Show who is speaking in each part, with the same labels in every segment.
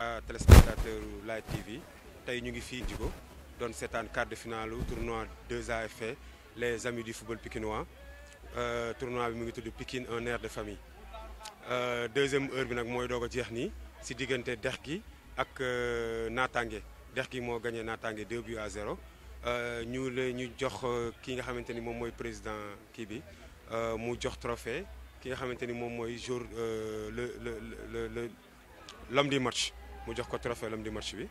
Speaker 1: à téléspectateur Light TV tey ñu ngi fii Djigo doon seetaan quart de finale tournoi 2AFP les amis du football pikinois euh, tournoi bi mu ngi tudd Pikine un air de famille euh, deuxième heure bi nag mooy doog a jeex nii si diggante dex gi ak euh, naataange dex gi moo gagné naataange 2 buts à 0 ñu la ñu jox ki nga xamante ni moom mooy président kii bi mu jox trophée ki nga xamante ni moom mooy jour le le le le le du match mu jox ko trophée lam di match bi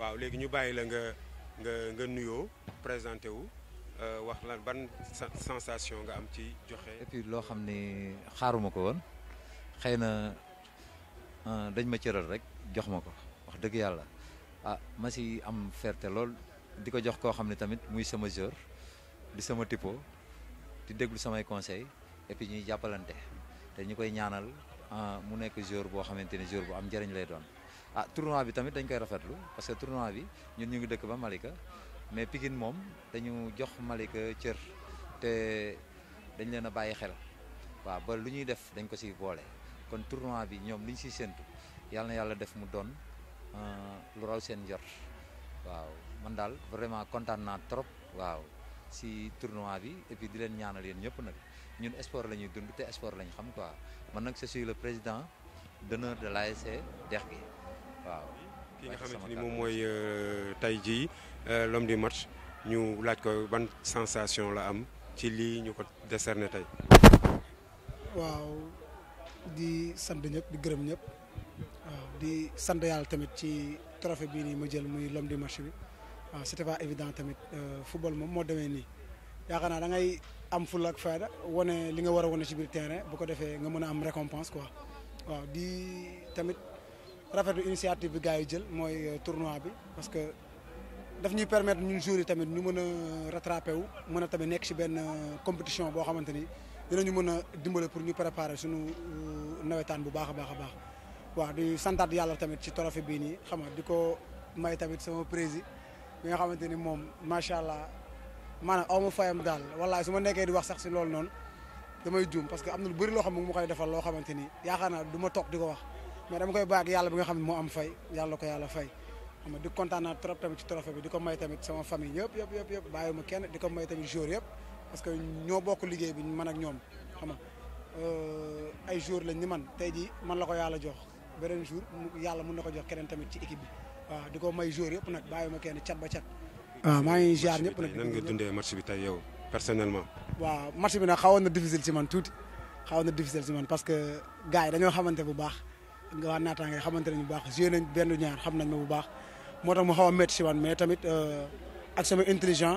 Speaker 1: waaw léegi ñu bàyyi la nga nga nga nuyoo présenté wu euh, wax lan ban sensation nga am ci joxe.
Speaker 2: et loo xam ni xaaruma ko woon xëy na euh, dañ ma cëral rek jox ma ko wax dëgg yàlla ah ma si am fierté lool di ko jox koo xam ne tamit muy sama joueur di sama tipo di déglu samay conseil et ñuy jàppalante te ñu koy ñaanal. Ah, mu nekk joueur boo xamante ni joueur bu am njëriñ lay doon ah tournoi bi tamit dañ koy rafetlu parce que tournoi bi ñun ñu ngi dëkk ba Malika mais Pikine moom dañu jox Malika cër te dañ leen a bàyyi xel waaw ba lu ñuy def dañ ko ci boole kon tournoi bi ñoom luñ ñu ciy séntu yàlla na yàlla def mu doon ah, lu raw seen njort waaw man daal vraiment kontaan naa trop waaw. si tournoi bi et di leen ñaanal yéen ñëpp nag ñun sport la ñuy dund te sport la ñu xam quoi man nag je suis le président d'honneur de l'ASC Dex gi waaw. ki nga xamante ni moom mooy
Speaker 1: euh, tey jii euh, l'homme du match ñu laaj ko ban sensation la am ci lii ñu ko décerné tey.
Speaker 3: waaw di sant ñëpp di gërëm ñëpp waaw di sant yàlla tamit ci trophée bii nii ma jël muy l'homme du match bi. waaw c'était pas évident tamit euh, football moom moo demee nii yaakaar naa dangay am fulla ak fayda wane li nga war a wane si biir terrain bu ko defee nga mën a am récompense quoi waaw di tamit rafetlu initiative bi gars yi jël mooy euh, tournoi bi parce que daf ñuy permettre ñun joueurs yi tamit ñu mën a rattrapé wu mën a tamit nekk si benn euh, compétition boo xamante ni ñu mën a dimbale pour ñu préparer suñu nawetaan bu baax a baax a baax waaw di santaat yàlla tamit ci trophée bii nii xam nga di ko may tamit sama président bi nga xamante ni moom macha allah maanaam aw ma fayam daal wallaay su ma nekkee di wax sax si loolu noonu damay juum parce que am na lu bëri loo xam ne mu koy defal loo xamante ni yaakaar naa du ma toog di ko wax mais dama koy bàyyi ak yàlla bi nga xam ne moo am fay yàlla ko yàlla fay xam nga di kontaan naa trop tamit ci trophée bi di ko may tamit sama famille yëpp yëpp yëpp yëpp bàyyi ma kenn di ko may tamit jour yëpp parce que ñoo bokk liggéey bi man ak ñoom xam nga euh, ay jour lañ ni man tey jii man la ko yàlla jox beneen jour yàlla mun na ko jox keneen tamit ci équipe bi waaw di ko may joueur yëpp nag bàyyi ma kenn cat ba cat. Ah, waaw maa ngi ziar ñëpp nag. nan nga
Speaker 1: dundee match bi tey yow personnellement.
Speaker 3: waaw match bi nag xawoon na difficile ci man tuuti xawoon na difficile ci man parce que gars yi dañoo xamante bu baax nga waa naataange xamante nañ bu baax joué nañ benn ñaar xam nañ ma bu baax moo tax mu xaw a métti ci man mais tamit euh, ak sama intelligent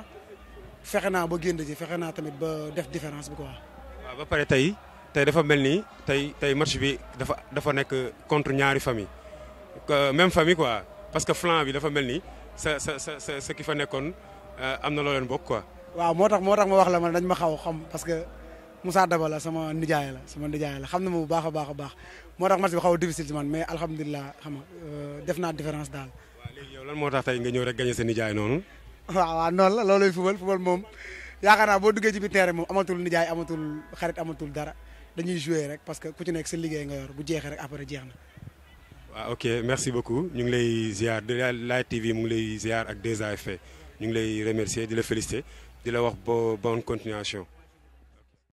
Speaker 3: fexe naa ba génn ji fexe naa tamit ba def différence bi quoi.
Speaker 1: waaw ba pare tey tey dafa mel nii tey tey match bi dafa dafa nekk contre ñaari famille même famille quoi parce que flanc bi dafa mel nii sa sa sa sa sa ki fa nekkoon euh, am na loo bokk quoi.
Speaker 3: waaw moo tax moo tax ma wax la man dañ ma xaw xam parce que Moussa Daba la sama nijaay la sama nijaay la xam na ma bu baax a baax a baax moo tax match bi xaw a man mais alhamdulilah xam euh, def naa différence daal.
Speaker 1: waaw léegi yow lan moo tax tey nga ñëw rek gagné nijaay noonu.
Speaker 3: waaw waaw noonu moom yaakaar naa boo duggee ci biir terrain moom amatul nijaay amatul xarit amatul dara. dañuy jouer rek parce que ku ci nekk sa liggéey nga yor bu jeexee rek après jeex na.
Speaker 1: waaw ok merci beaucoup ñu ngi lay ziar de Light TV mu ngi lay ziar ak 2AFP ñu ngi lay remercier di la féliciter di la wax bo bonne continuation.